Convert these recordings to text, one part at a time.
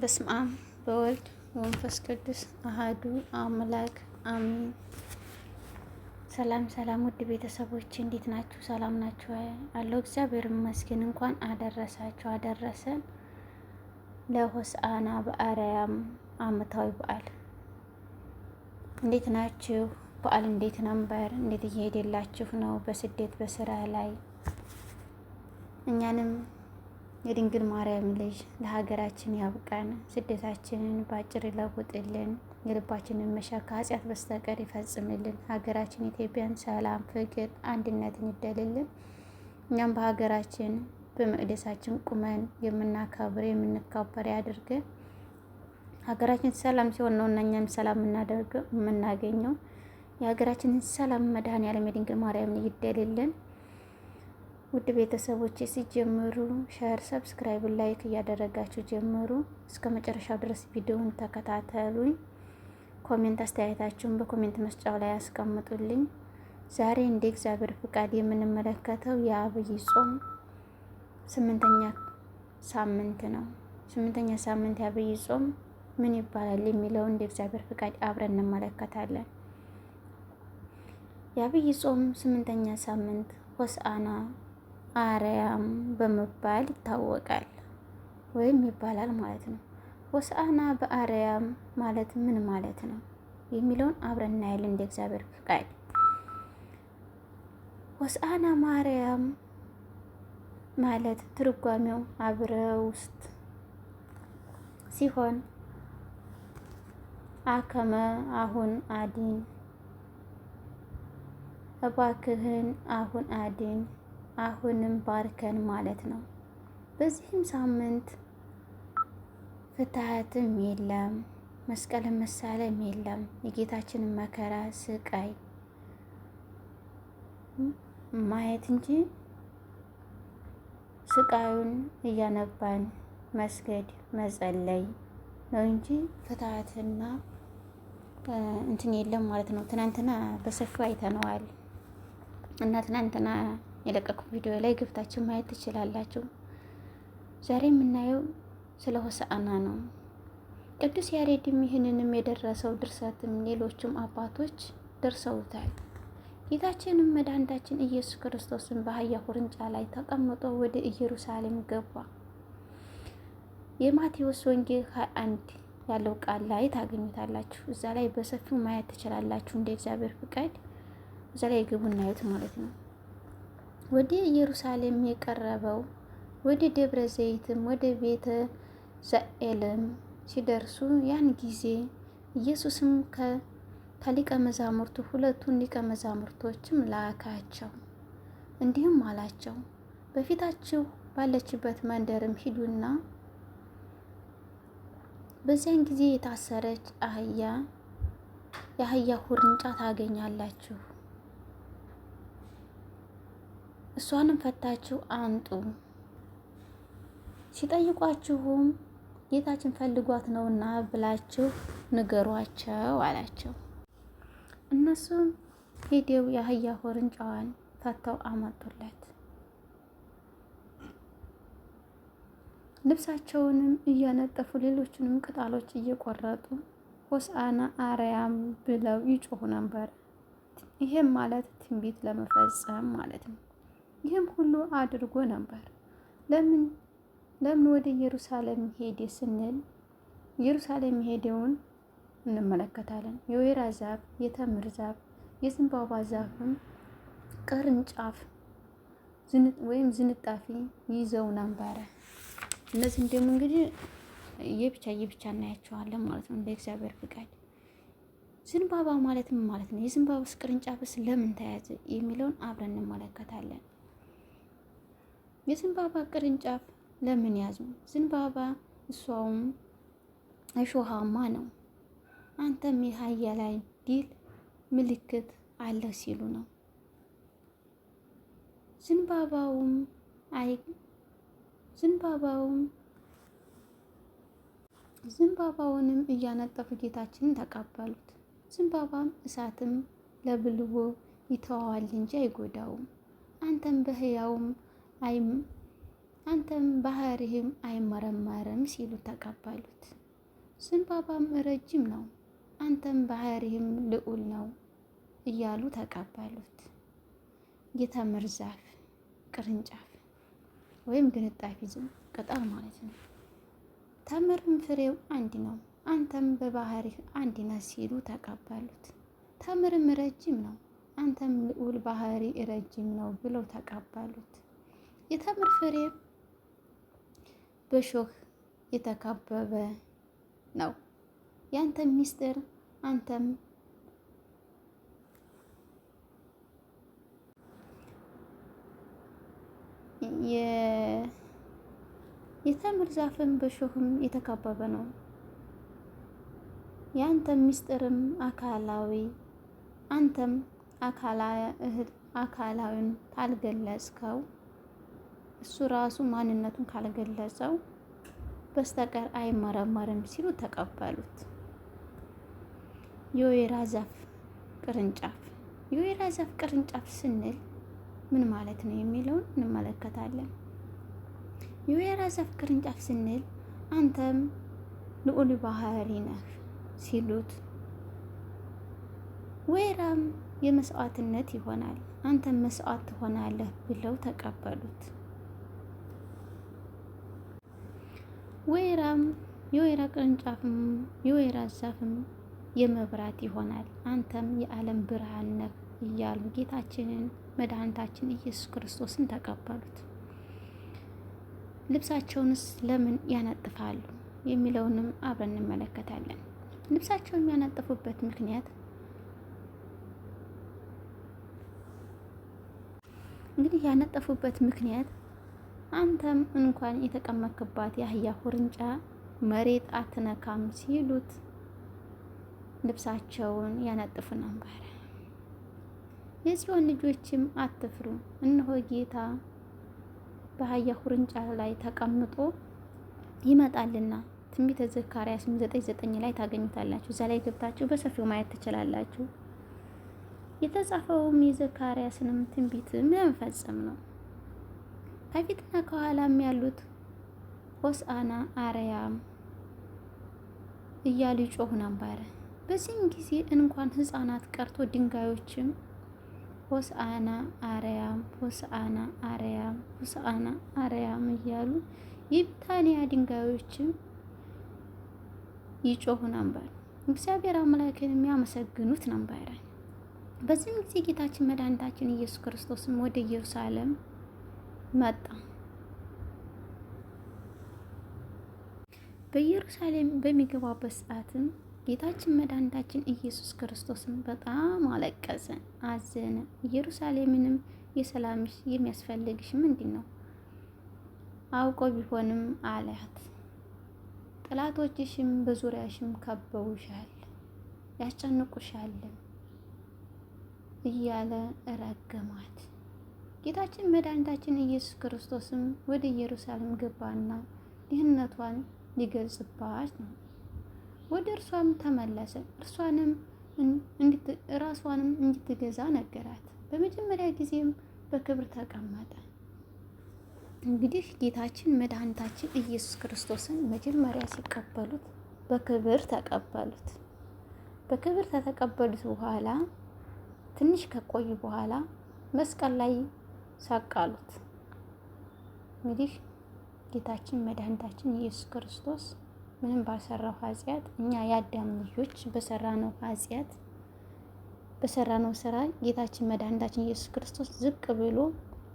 በስመ አብ በወልድ ወንፈስ ቅዱስ አህዱ አምላክ አሚን። ሰላም ሰላም፣ ውድ ቤተሰቦች እንዴት ናችሁ? ሰላም ናችሁ? አለው እግዚአብሔር ይመስገን። እንኳን አደረሳችሁ አደረሰን ለሆሳዕና በአርያም አመታዊ በዓል። እንዴት ናችሁ? በዓል እንዴት ነበር? እንዴት እየሄደላችሁ ነው? በስደት በስራ ላይ እኛንም የድንግል ማርያም ልጅ ለሀገራችን ያብቃን። ስደታችንን በአጭር ይለውጥልን። የልባችንን መሻ ከኃጢአት በስተቀር ይፈጽምልን። ሀገራችን ኢትዮጵያን ሰላም፣ ፍቅር፣ አንድነትን ይደልልን። እኛም በሀገራችን በመቅደሳችን ቁመን የምናከብር የምንከበር ያድርገን። ሀገራችን ሰላም ሲሆን ነው እና እኛም ሰላም የምናደርገው የምናገኘው። የሀገራችንን ሰላም መድኃኔዓለም የድንግል ማርያም ይደልልን። ውድ ቤተሰቦች ሲጀምሩ ሸር፣ ሰብስክራይብ፣ ላይክ እያደረጋችሁ ጀምሩ። እስከ መጨረሻው ድረስ ቪዲዮውን ተከታተሉኝ። ኮሜንት አስተያየታችሁን በኮሜንት መስጫው ላይ አስቀምጡልኝ። ዛሬ እንደ እግዚአብሔር ፍቃድ የምንመለከተው የአብይ ጾም ስምንተኛ ሳምንት ነው። ስምንተኛ ሳምንት የአብይ ጾም ምን ይባላል የሚለው እንደ እግዚአብሔር ፍቃድ አብረን እንመለከታለን። የአብይ ጾም ስምንተኛ ሳምንት ሆሳዕና አርያም በመባል ይታወቃል ወይም ይባላል ማለት ነው። ሆሳዕና በአርያም ማለት ምን ማለት ነው የሚለውን አብረን እናያለን እንደ እግዚአብሔር ፍቃድ። ሆሳዕና ማርያም ማለት ትርጓሜው አብረ ውስጥ ሲሆን አከመ አሁን አድን፣ እባክህን አሁን አድን አሁንም ባርከን ማለት ነው። በዚህም ሳምንት ፍትሀትም የለም መስቀልን መሳለም የለም። የጌታችንን መከራ ስቃይ ማየት እንጂ ስቃዩን እያነባን መስገድ መጸለይ ነው እንጂ ፍትሀትና እንትን የለም ማለት ነው። ትናንትና በሰፊው አይተነዋል እና ትናንትና የለቀኩ ቪዲዮ ላይ ገብታችሁ ማየት ትችላላችሁ። ዛሬ የምናየው ስለ ሆሳዕና ነው። ቅዱስ ያሬድም ይህንንም የደረሰው ድርሰትም ሌሎችም አባቶች ደርሰውታል። ጌታችንም መድኃኒታችን ኢየሱስ ክርስቶስን በአህያ ውርንጫ ላይ ተቀምጦ ወደ ኢየሩሳሌም ገባ። የማቴዎስ ወንጌል 21 ያለው ቃል ላይ ታገኙታላችሁ። እዛ ላይ በሰፊው ማየት ትችላላችሁ። እንደ እግዚአብሔር ፍቃድ እዛ ላይ ግቡ እናዩት ማለት ነው። ወደ ኢየሩሳሌም የቀረበው። ወደ ደብረ ዘይትም ወደ ቤተ ዘኤልም ሲደርሱ ያን ጊዜ ኢየሱስም ከሊቀ መዛሙርቱ ሁለቱን ሊቀ መዛሙርቶችም ላካቸው፣ እንዲህም አላቸው በፊታችሁ ባለችበት መንደርም ሂዱና በዚያን ጊዜ የታሰረች አህያ የአህያ ሁርንጫ ታገኛላችሁ እሷንም ፈታችሁ አንጡ። ሲጠይቋችሁም ጌታችን ፈልጓት ነውና ብላችሁ ንገሯቸው አላቸው። እነሱም ሄደው የአህያ ሆርንጫዋን ፈተው አመጡለት። ልብሳቸውንም እያነጠፉ ሌሎቹንም ቅጠሎች እየቆረጡ ሆሳዕና አርያም ብለው ይጮሁ ነበር። ይሄም ማለት ትንቢት ለመፈጸም ማለት ነው። ይህም ሁሉ አድርጎ ነበር። ለምን ለምን ወደ ኢየሩሳሌም ሄደ ስንል ኢየሩሳሌም ሄደውን እንመለከታለን። የወይራ ዛፍ፣ የተምር ዛፍ፣ የዘንባባ ዛፍም ቅርንጫፍ ወይም ዝንጣፊ ይዘው ነበረ። እነዚህም ደግሞ እንግዲህ የብቻ የብቻ እናያቸዋለን ማለት ነው እንደ እግዚአብሔር ፍቃድ። ዘንባባ ማለት ምን ማለት ነው? የዘንባባስ ቅርንጫፍስ ለምን ተያዘ የሚለውን አብረን እንመለከታለን። የዘንባባ ቅርንጫፍ ለምን ነው? ዘንባባ እሷውም እሾሃማ ነው። አንተም ላይ ድል ምልክት አለ ሲሉ ነው። ዘንባባውም አይ ዘንባባውም ዘንባባውንም እያነጠፉ ጌታችንን ተቀበሉት። ዘንባባም እሳትም ለብልቦ ይተዋዋል እንጂ አይጎዳውም። አንተም በህያውም አንተም ባህሪህም አይመረመርም ሲሉ ተቀበሉት። ዘንባባም ረጅም ነው፣ አንተም ባህሪህም ልዑል ነው እያሉ ተቀበሉት። የተምር ዛፍ ቅርንጫፍ ወይም ግንጣፊ ቅጠል ማለት ነው። ተምርም ፍሬው አንድ ነው፣ አንተም በባህሪህ አንድ ነህ ሲሉ ተቀበሉት። ተምርም ረጅም ነው፣ አንተም ልዑል ባህሪ ረጅም ነው ብለው ተቀበሉት። የተምር ፍሬ በሾህ የተካበበ ነው። ያንተም ሚስጥር አንተም የተምር ዛፍም በሾህም የተካበበ ነው። ያንተም ሚስጥርም አካላዊ አንተም አካላዊን ታልገለጽከው እሱ ራሱ ማንነቱን ካልገለጸው በስተቀር አይመረመርም ሲሉ ተቀበሉት። የወይራ ዛፍ ቅርንጫፍ የወይራ ዛፍ ቅርንጫፍ ስንል ምን ማለት ነው የሚለውን እንመለከታለን። የወይራ ዛፍ ቅርንጫፍ ስንል አንተም ልዑል ባህሪ ነህ ሲሉት፣ ወይራም የመስዋዕትነት ይሆናል፣ አንተም መስዋዕት ትሆናለህ ብለው ተቀበሉት። ወይራም የወይራ ቅርንጫፍም የወይራ ዛፍም የመብራት ይሆናል፣ አንተም የዓለም ብርሃን ነህ እያሉ ጌታችንን መድኃኒታችን ኢየሱስ ክርስቶስን ተቀበሉት። ልብሳቸውንስ ለምን ያነጥፋሉ የሚለውንም አብረን እንመለከታለን። ልብሳቸውን የሚያነጥፉበት ምክንያት እንግዲህ ያነጠፉበት ምክንያት አንተም እንኳን የተቀመክባት የአህያ ሁርንጫ መሬት አትነካም ሲሉት ልብሳቸውን ያነጥፉ ነበር። የጽዮን ልጆችም አትፍሩ፣ እነሆ ጌታ በአህያ ሁርንጫ ላይ ተቀምጦ ይመጣልና ትንቢተ ዘካርያስ 9:9 ላይ ታገኙታላችሁ። እዛ ላይ ገብታችሁ በሰፊው ማየት ትችላላችሁ። የተጻፈውም የዘካርያስንም ትንቢት ምን ፈጸም ነው። ከፊትና ከኋላም ያሉት ሆሳዕና አርያም እያሉ ይጮሁ ነበረ። በዚህም ጊዜ እንኳን ህፃናት ቀርቶ ድንጋዮችም ሆሳዕና አርያም፣ ሆሳዕና አርያም፣ ሆሳዕና አርያም እያሉ የቢታንያ ድንጋዮችም ይጮሁ ነበር። እግዚአብሔር አምላክን የሚያመሰግኑት ነበረ። በዚህም ጊዜ ጌታችን መድኃኒታችን ኢየሱስ ክርስቶስም ወደ ኢየሩሳሌም መጣ። በኢየሩሳሌም በሚገባበት ሰዓትም ጌታችን መድኃኒታችን ኢየሱስ ክርስቶስን በጣም አለቀሰ፣ አዘነ። ኢየሩሳሌምንም የሰላምሽ የሚያስፈልግሽ ምንድን ነው አውቆ ቢሆንም አላት። ጠላቶችሽም በዙሪያሽም ከበውሻል፣ ያስጨንቁሻልም እያለ ረገማት። ጌታችን መድኃኒታችን ኢየሱስ ክርስቶስም ወደ ኢየሩሳሌም ገባና ድህነቷን ሊገልጽባት ነው። ወደ እርሷም ተመለሰ። እርሷንም ራሷንም እንድትገዛ ነገራት። በመጀመሪያ ጊዜም በክብር ተቀመጠ። እንግዲህ ጌታችን መድኃኒታችን ኢየሱስ ክርስቶስን መጀመሪያ ሲቀበሉት በክብር ተቀበሉት። በክብር ከተቀበሉት በኋላ ትንሽ ከቆዩ በኋላ መስቀል ላይ ሳቃሉት። እንግዲህ ጌታችን መድኃኒታችን ኢየሱስ ክርስቶስ ምንም ባልሰራው ኃጢአት እኛ የአዳም ልጆች በሰራነው ኃጢአት በሰራነው ስራ ጌታችን መድኃኒታችን ኢየሱስ ክርስቶስ ዝቅ ብሎ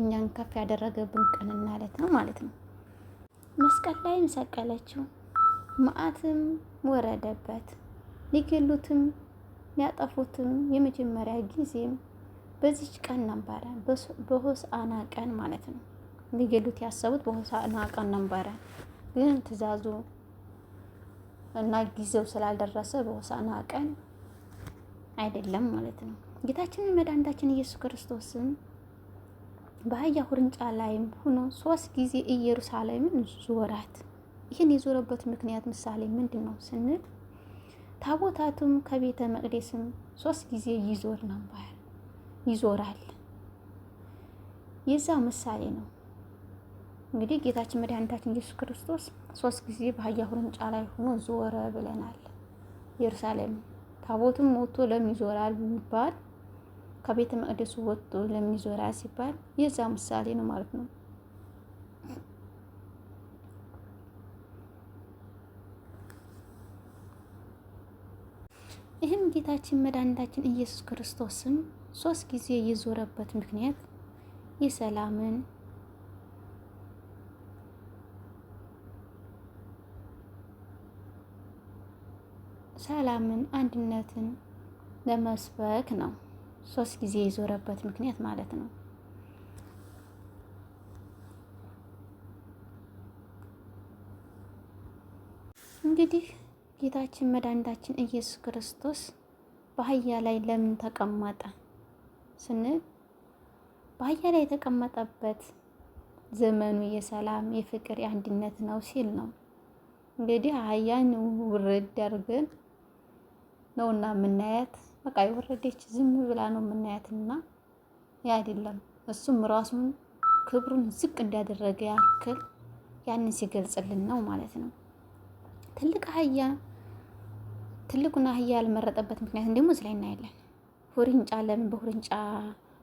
እኛን ከፍ ያደረገብን ቀን እናለት ነው ማለት ነው። መስቀል ላይም ሰቀለችው። መዓትም ወረደበት። ሊገሉትም ሊያጠፉትም የመጀመሪያ ጊዜም በዚች ቀን ነበረ በሆሳዕና ቀን ማለት ነው ሊገሉት ያሰቡት በሆሳዕና ቀን ነበረ። ግን ትዕዛዙ እና ጊዜው ስላልደረሰ በሆሳዕና ቀን አይደለም ማለት ነው። ጌታችንን መድኃኒታችን ኢየሱስ ክርስቶስን በአህያ ውርንጫ ላይም ሆኖ ሶስት ጊዜ ኢየሩሳሌምን ዞራት። ይህን የዞረበት ምክንያት ምሳሌ ምንድን ነው ስንል ታቦታቱም ከቤተ መቅደስም ሶስት ጊዜ ይዞር ነበር። ይዞራል። የዛ ምሳሌ ነው እንግዲህ ጌታችን መድኃኒታችን ኢየሱስ ክርስቶስ ሶስት ጊዜ በአህያ ውርንጫ ላይ ሆኖ ዞረ ብለናል። ኢየሩሳሌም ታቦትም ወጥቶ ለምን ይዞራል ቢባል ከቤተ መቅደሱ ወጥቶ ለምን ሲባል የዛ ምሳሌ ነው ማለት ነው። ይህም ጌታችን መድኃኒታችን ኢየሱስ ክርስቶስም ሶስት ጊዜ የዞረበት ምክንያት የሰላምን ሰላምን አንድነትን ለመስበክ ነው። ሶስት ጊዜ የዞረበት ምክንያት ማለት ነው። እንግዲህ ጌታችን መድኃኒታችን ኢየሱስ ክርስቶስ በአህያ ላይ ለምን ተቀመጠ? ስንል በአህያ ላይ የተቀመጠበት ዘመኑ የሰላም የፍቅር የአንድነት ነው ሲል ነው። እንግዲህ አህያን ውርድ አድርገን ነውና የምናያት በቃ የወረደች ዝም ብላ ነው የምናያትና ያ አይደለም እሱም ራሱን ክብሩን ዝቅ እንዳደረገ ያክል ያንን ሲገልጽልን ነው ማለት ነው። ትልቅ አህያ ትልቁን አህያ ያልመረጠበት ምክንያት እንዲሁ ስላይ እናያለን። ሁርንጫ ለምን በሁርንጫ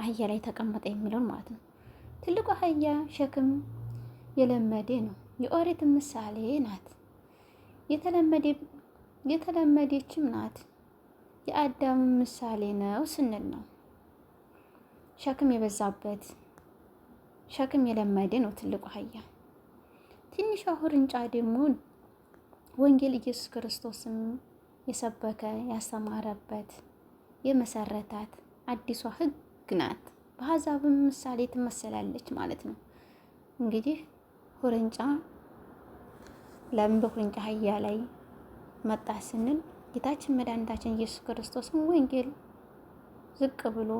አህያ ላይ ተቀመጠ የሚለውን ማለት ነው። ትልቁ አህያ ሸክም የለመደ ነው። የኦሪት ምሳሌ ናት። የተለመደችም ናት። የአዳም ምሳሌ ነው ስንል ነው። ሸክም የበዛበት ሸክም የለመደ ነው ትልቁ አህያ። ትንሿ ሁርንጫ ደግሞ ወንጌል ኢየሱስ ክርስቶስም የሰበከ ያስተማረበት የመሰረታት አዲሷ ህግ ናት። በሀሳብም ምሳሌ ትመሰላለች ማለት ነው። እንግዲህ ሁርንጫ ለምን በሁርንጫ አህያ ላይ መጣ ስንል ጌታችን መድኃኒታችን ኢየሱስ ክርስቶስን ወንጌል ዝቅ ብሎ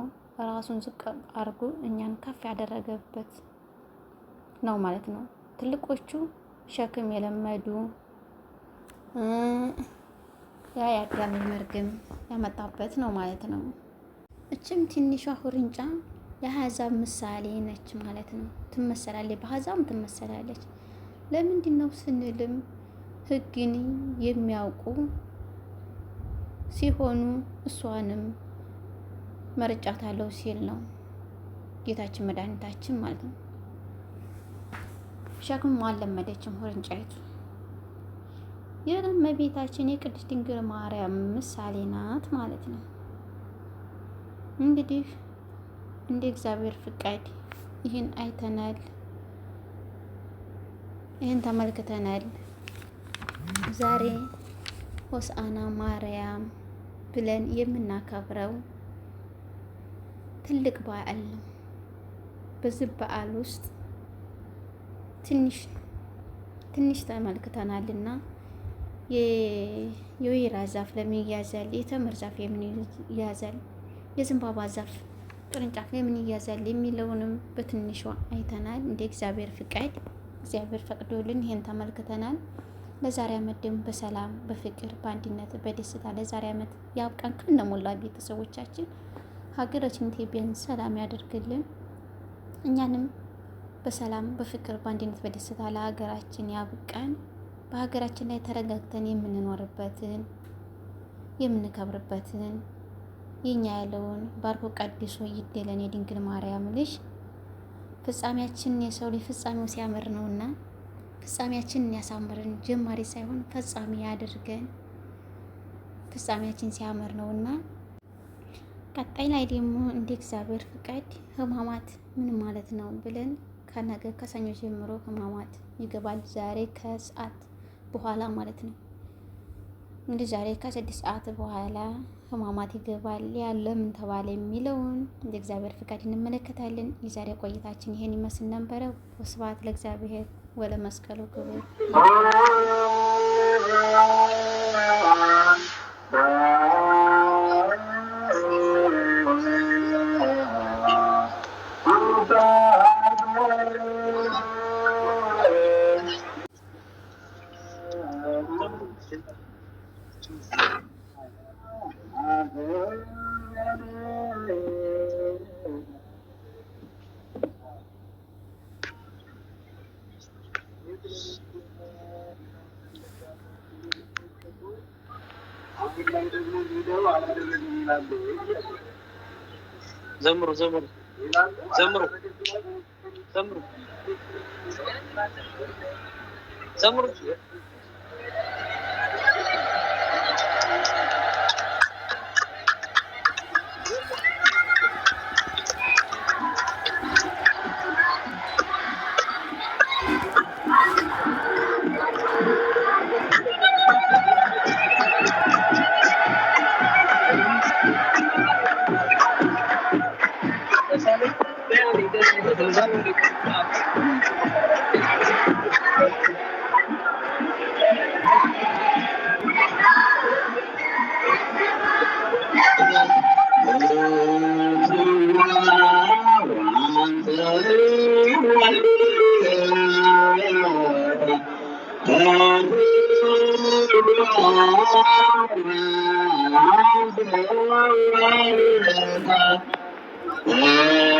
ራሱን ዝቅ አድርጎ እኛን ከፍ ያደረገበት ነው ማለት ነው። ትልቆቹ ሸክም የለመዱ ያ የአዳም መርግም ያመጣበት ነው ማለት ነው። እችም ትንሿ ሁርንጫ የአሕዛብ ምሳሌ ነች ማለት ነው። ትመሰላለች፣ በአሕዛብ ትመሰላለች። ለምንድን ነው ስንልም ሕግን የሚያውቁ ሲሆኑ እሷንም መርጫታለሁ ሲል ነው ጌታችን መድኃኒታችን ማለት ነው። ሸክም አልለመደችም ሁርንጫይቱ የእመቤታችን የቅድስት ድንግል ማርያም ምሳሌ ናት ማለት ነው። እንግዲህ እንደ እግዚአብሔር ፍቃድ ይህን አይተናል፣ ይህን ተመልክተናል። ዛሬ ሆሳዕና ማርያም ብለን የምናከብረው ትልቅ በዓል ነው። በዚህ በዓል ውስጥ ትንሽ ትንሽ ተመልክተናልና የወይራ ዛፍ ለምን ይያዛል? የተምር ዛፍ የምን ይያዛል? የዘንባባ ዛፍ ቅርንጫፍ ለምን ይያዛል? የሚለውንም በትንሿ አይተናል። እንደ እግዚአብሔር ፍቃድ እግዚአብሔር ፈቅዶልን ይሄን ተመልክተናል። ለዛሬ አመት ደግሞ በሰላም በፍቅር በአንድነት በደስታ ለዛሬ ዓመት ያብቃን ከነሞላ ቤተሰቦቻችን። ሀገራችን ኢትዮጵያን ሰላም ያደርግልን እኛንም በሰላም በፍቅር በአንድነት በደስታ ለሀገራችን ያብቃን። በሀገራችን ላይ ተረጋግተን የምንኖርበትን የምንከብርበትን የኛ ያለውን ባርኮ ቀድሶ ይደለን የድንግል ማርያም ልጅ ፍጻሜያችንን የሰው ልጅ ፍጻሜው ሲያምር ነውና ፍጻሜያችንን ያሳምርን። ጀማሪ ሳይሆን ፈጻሚ ያድርገን። ፍጻሜያችን ሲያምር ነውና ቀጣይ ላይ ደግሞ እንደ እግዚአብሔር ፍቃድ ህማማት ምን ማለት ነው ብለን ከነገ ከሰኞ ጀምሮ ህማማት ይገባል። ዛሬ ከሰዓት በኋላ ማለት ነው። እንግዲህ ዛሬ ከስድስት ሰዓት በኋላ ህማማት ይገባል ያለ ምን ተባለ የሚለውን እንደ እግዚአብሔር ፍቃድ እንመለከታለን። የዛሬ ቆይታችን ይሄን ይመስል ነበረ። ወስብሐት ለእግዚአብሔር ወለመስቀሉ ክቡር። ዘምሩ ዘምሩ ዘምሩ ዘምሩ ዘምሩ Thank you.